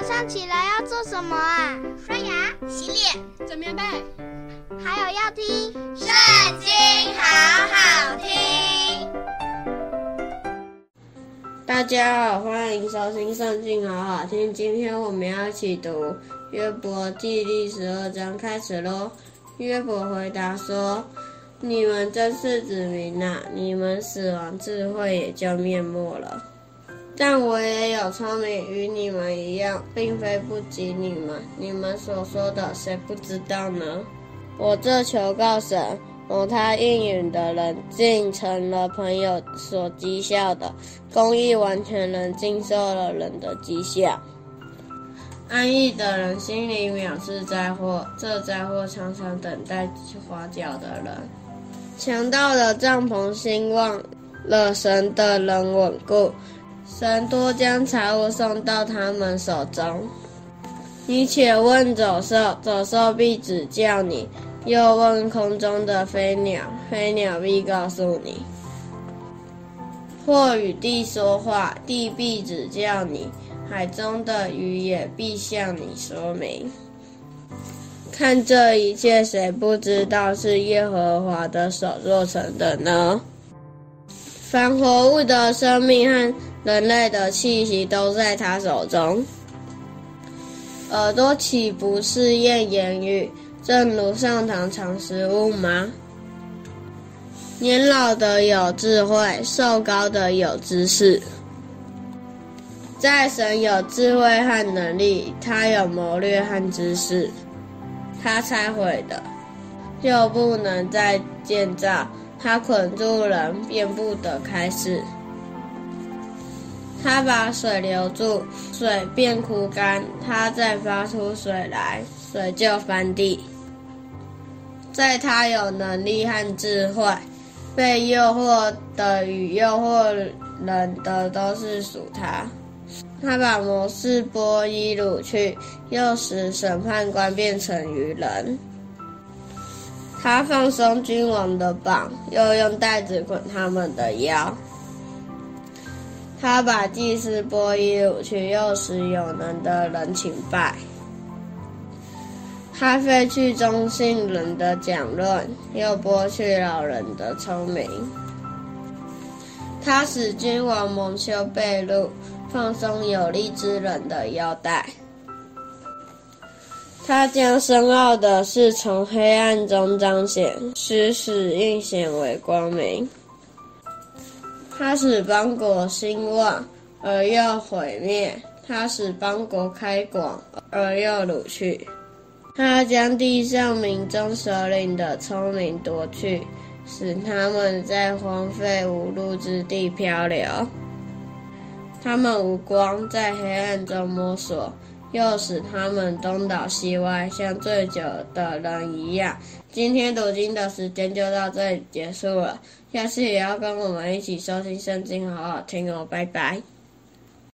早上起來要做什麼啊？刷牙、洗臉、整棉被，還有要聽《聖經》，好好聽。大家好，歡迎收聽《聖經》，好好聽。今天我們要一起讀《約伯記》第十二章，開始嘍。約伯回答說：“你們真是子民吶、啊！你們死亡，智慧也就滅沒了。”但我也有聰明，與你們一樣，並非不及你們。你們所說的，誰不知道呢？我這求告神、蒙他應允的人，竟成了朋友所譏笑的；公義完全人竟受了人的譏笑。安逸的人心裡藐視災禍，這災禍常常等待滑腳的人。強盜的帳棚興旺，惹神的人穩固。神多將財物送到他們手中，你且問走獸，走獸必指教你；又問空中的飛鳥，飛鳥必告訴你；或與地說話，地必指教你；海中的魚也必向你說明。看這一切，誰不知道是耶和華的手做成的呢？凡活物的生命和人類的氣息都在他手中，耳朵豈不試驗言語，正如上膛嘗食物嗎？年老的有智慧，壽高的有知識。在神有智慧和能力，他有謀略和知識，他拆毀的，就不能再建造。他捆住人，便不得開釋。他把水留住，水便枯乾。他再發出水來，水就翻地。在他有能力和智慧，被誘惑的與誘惑人的都是屬他。他把謀士剝衣擄去，又使審判官變成愚人。他放鬆君王的綁，又用帶子捆他們的腰。他把祭司剝衣擄去，又使有能的人傾敗。他廢去忠信人的講論，又剝去老人的聰明。他使君王蒙羞被辱，放鬆有力之人的腰帶。他將深奧的事從黑暗中彰顯，使死蔭顯為光明。他使邦國興旺而又毀滅，他使邦國開廣而又擄去。他將地上民中首領的聰明奪去，使他們在荒廢無路之地漂流。他們無光，在黑暗中摸索。又使他們東倒西歪，像醉酒的人一樣。今天讀經的時間就到這裡結束了，下次也要跟我們一起收聽聖經，好好聽哦。拜拜。